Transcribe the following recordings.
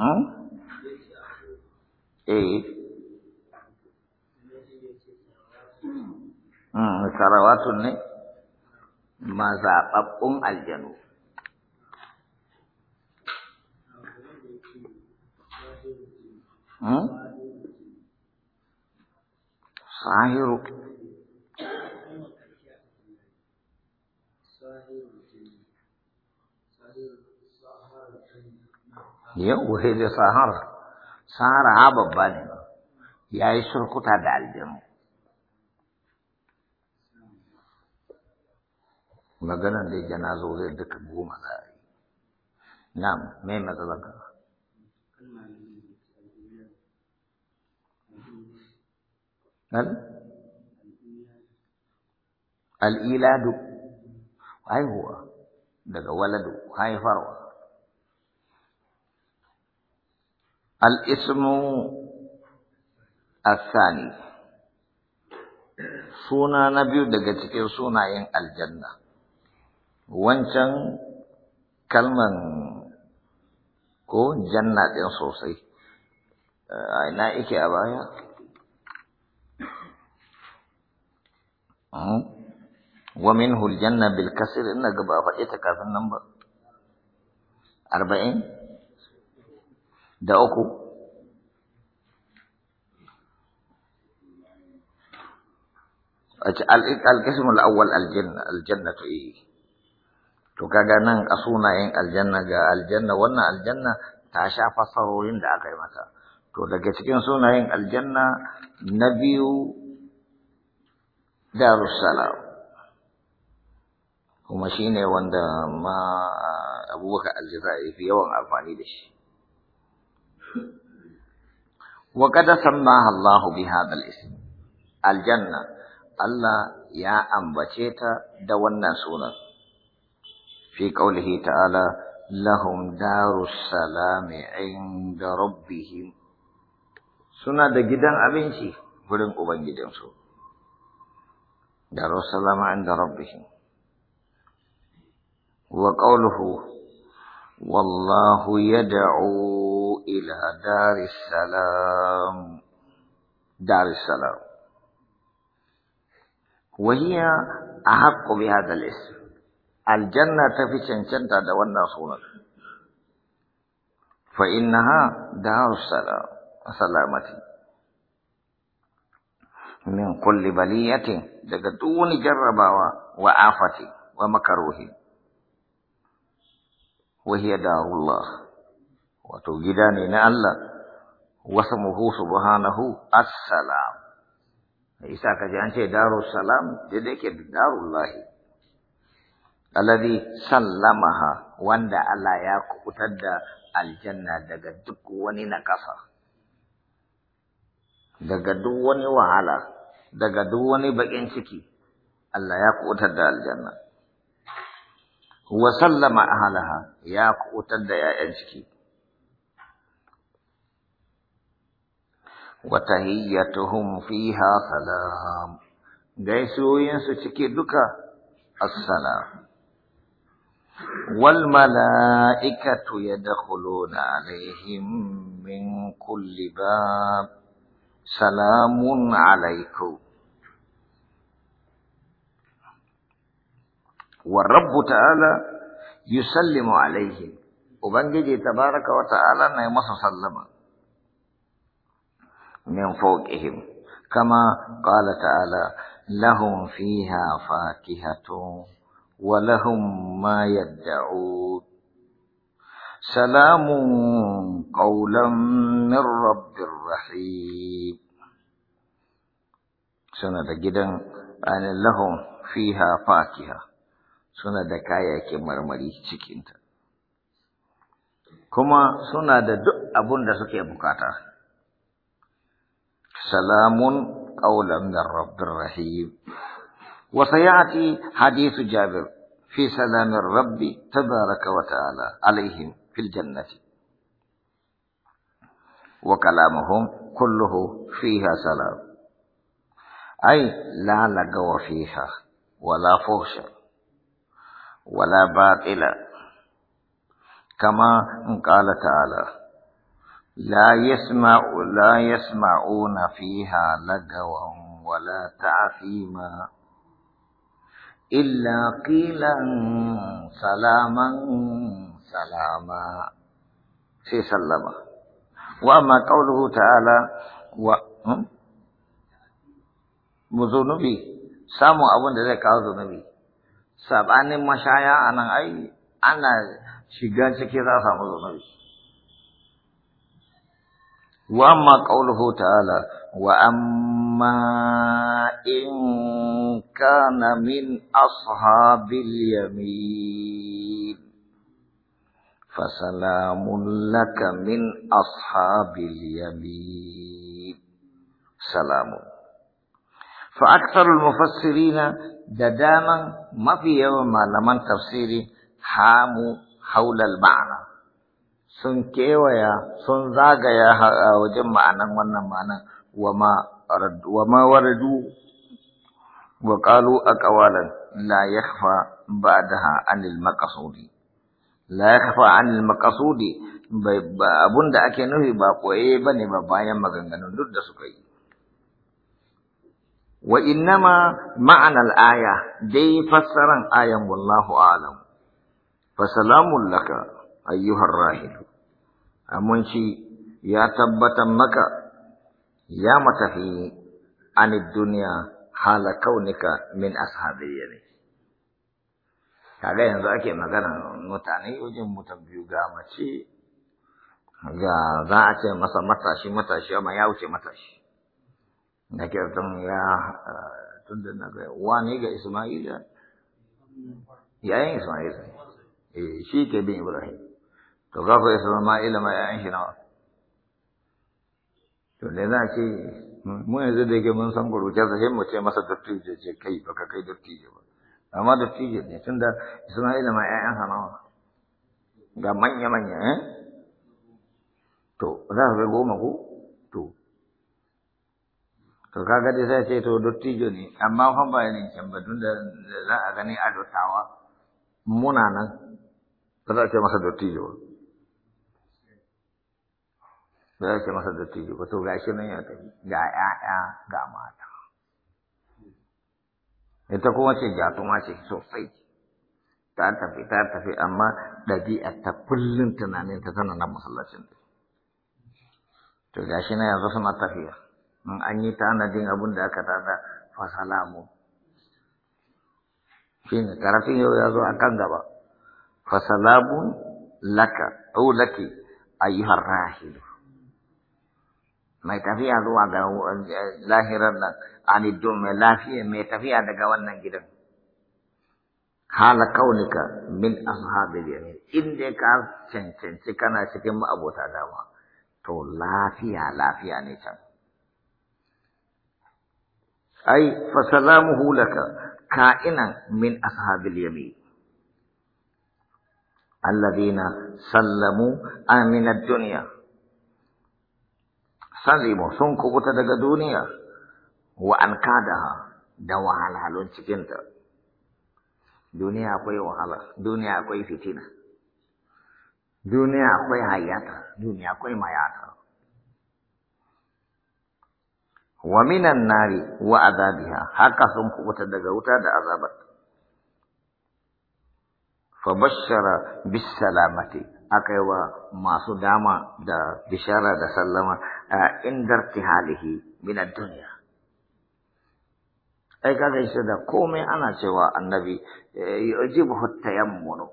eh karawatun hmm. hmm, ne mazaɓaɓɓun aljanu hmm? sahiru yau sai da sahara sahara ha babba ne ya yi surkuta da aljanu maganan da yake na zo zai duka goma za a yi na mai matsalaka al'iladu haihuwa daga waladu haifarwa الاسم الثاني suna na biyu daga cikin sunayen aljanna wancan kalman ko janna ɗin sosai a ina ike a baya wa minhu aljanna bil kasr ina gaba faɗi ta kafin nan ba arba'in da uku alƙismul awwal aljanna aljanna to yi? Eh. to kaga nan a sunayen aljanna ga aljanna wannan aljanna ta sha fasarorin da aka yi mata to daga cikin sunayen aljanna na biyu darussalam kuma shine wanda ma abubakar ya fi yawan amfani da shi وقد سمى الله بهذا الاسم Allah ya ambace ta da wannan sunan fi qawlihi ta'ala lahum darus salam inda rabbihim suna da gidan abinci gurin ubangijinsu darus salam inda rabbihim wa qawluhu wallahu yad'u إلى دار السلام دار السلام وهي أحق بهذا الاسم الجنة في شنشنتا دولنا صونا فإنها دار السلام سلامتي من كل بلية دون جربا وآفة ومكروه وهي دار الله wato gida ne na Allah Wasu wasmuhu subhanahu assalam isa kaji an ce darus salam da yake darullahi alladhi sallamaha wanda Allah ya kubutar da aljanna daga duk wani na ƙasa. daga duk wani wahala daga duk wani baƙin ciki Allah ya kubutar da aljanna wa sallama ahalaha ya kubutar da 'ya'yan ciki وتهيتهم فيها سلام جيسوين سوچكي دكا السلام والملائكة يدخلون عليهم من كل باب سلام عليكم والرب تعالى يسلم عليهم وبنجي تبارك وتعالى صلى عليه وسلم من فوقهم كما قال تعالى لهم فيها فاكهة ولهم ما يدعون سلام قولا من رب الرحيم سنة جدا أن لهم فيها فاكهة سنة كايا كمرمري سكينتا كما سنة دو أبون دا سكي بكاتا سلام قولا من الرب الرحيم وسيأتي حديث جابر في سلام الرب تبارك وتعالى عليهم في الجنة وكلامهم كله فيها سلام أي لا لقوا فيها ولا فوش ولا باطل كما قال تعالى لا يسمع لا يسمعون فيها لغوا ولا تعفيما إلا قيلا سلاما سلاما في سلمة وأما قوله تعالى و مذنبي سامو أبن ذلك ذنبي sabanin mashaya anan ai ana shiga ciki za a samu وأما قوله تعالى وأما إن كان من أصحاب اليمين فسلام لك من أصحاب اليمين سلام فأكثر المفسرين دداما ما في يوم ما لمن تفسيري حاموا حول المعنى sun kewaya sun zagaya a wajen ma'anan wannan ma'anan wa wama waradu wa qalu aqwalan la yakhfa ba'daha 'anil maqsudi la yakhfa 'anil maqsudi abunda ake nufi ba koye bane ba bayan maganganun duk da suka yi wa innama al aya dai fassaran ayan wallahu a'lam fa salamun laka ayyuhar rahil Amunci ya tabbatar maka ya matafi an duniya hala kaunika min ashabiyya ne kaga yanzu ake magana mutane wajen mutum biyu ga mace ga za a ce masa matashi matashi amma ya wuce matashi na kirtan ya tunda na ga wani ga Isma'ila yayin Isma'ila eh shi ke bin Ibrahim to kafa isma'ila ma ya'yan shi nawa to ne za ce mu yanzu da yake mun san guruce sa sai mu ce masa dattijo ce kai baka kai dattijo ba amma dattijo ne tunda isma'ila ma ya'yan sa nawa ga manya manya eh to za ka goma ku? to to kaga dai sai ce to dattijo ne amma fa ba ne can ba tunda za a gani a dottawa muna nan ba za a ce masa dattijo ba ba za ce masa dattijo ba to ga shi nan ya tafi ga ƴaƴa ga mata ita kuma ce jatuma ce sosai ta tafi ta tafi amma ɗabi'ar ta kullum tunaninta tana nan masallacin to ga shi nan yanzu suna tafiya in an yi tanadin abin da aka tada fasalamu shi ne karatun yau ya zo a kan gaba Fasalamun laka au laki ayyuhar rahilu mai tafiya zuwa ga lahirar nan aniddu mai lafiya mai tafiya daga wannan gidan hala kaunika min ashabil yamin inda ka cancanci kana cikin ma'abota dama to lafiya lafiya ne can ai fa salamuhu laka ka'inan min ashabil yamin alladhina sallamu amina ad-dunya Zimo sun kubuta daga duniya wa an kada da wahalhalun cikinta duniya akwai wahala duniya akwai fitina duniya akwai hayata duniya akwai mayata wa minan nari wa azabiha haka sun kubuta daga wuta da azabar fa bashara bis salamati aka yi wa masu dama da bishara da sallama a indar tihalihi duniya. Ai kaga shi da komai ana cewa annabi e, ya ji tayammunu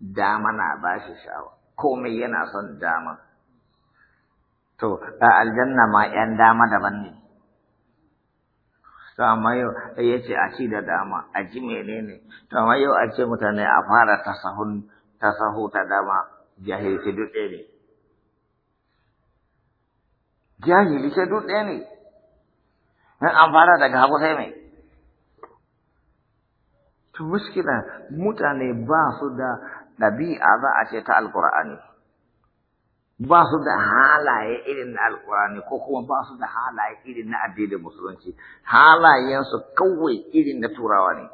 dama na bashi shawa komai yana son dama. To a aljanna ma 'yan dama daban ne. to amma yau ya ce a ci da dama a ji menene to amma yau a ce mutane a fara tasahun tasahu ta dama jahilci duk ɗaya ne jahili sai ɗaya ne in an fara daga hagu sai mai to muskila mutane ba su da ɗabi'a za a ce ta alkur'ani ba su da halaye irin na alkurani ko kuma ba su da halaye irin na addinin musulunci halayensu kawai irin na turawa ne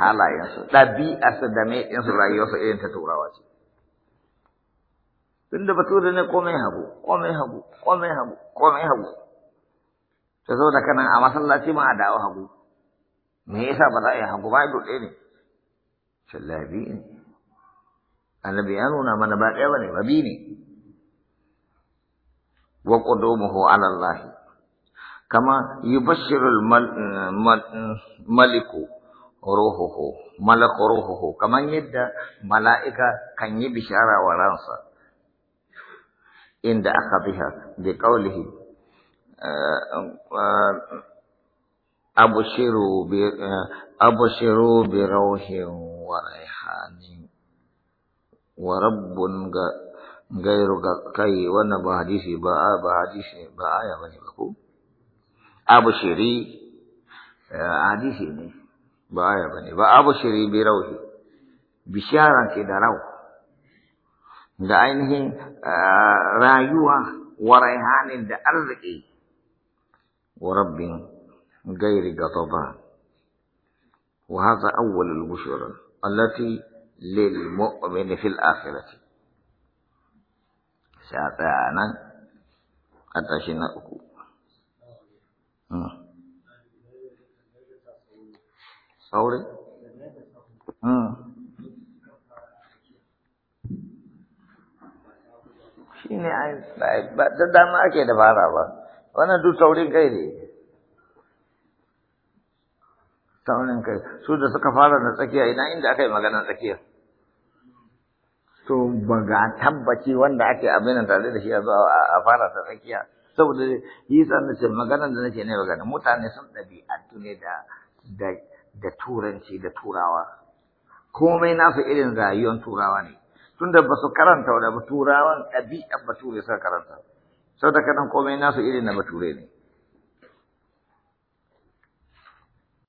halayensu ɗabi'arsu da mai ɗinsu rayuwarsu irin ta turawa ce batu da ne komai hagu komai hagu komai hagu komai hagu ta zo da kanan a masallaci ma a dawo hagu me yasa ba za a yi hagu ba ido ɗaya ne biyu ne annabi ya nuna mana ba ɗaya bane ba biyu ne wa qudumuhu ala allah kama yubashshiru al maliku ruhuhu malak ruhuhu kamar yadda mala'ika kan yi bishara wa ransa inda aka biha bi qawlihi eh, eh, abshiru bi eh, abshiru bi ruhin wa raihanin wa rabbun ga gairu ga kai wannan ba hadisi ba ba hadisi ba aya bane ba ko abshiri hadisi ne بايا بني وابو شري بيروه بشارة كدرو دا اينه رايوا وريهان دا ارقي ورب غير غضبان وهذا اول البشر التي للمؤمن في الآخرة ساتانا قد أشنا آه. saurayi shi ne ba da dama ake da fara ba wannan duk saurin kai ne saurin kai su da suka fara da tsakiya ina inda aka yi maganar tsakiya to ba ga tabbaci wanda ake abinan tare da shi a zo a fara ta tsakiya saboda yi san da ce maganar da nake ne gani mutane sun ɗabi'atu ne da da turanci da turawa komai nasu irin rayuwar turawa ne tunda basu karanta wa ba turawan ɗabi'a bature suka karanta sau da kanan komai nasu irin na bature ne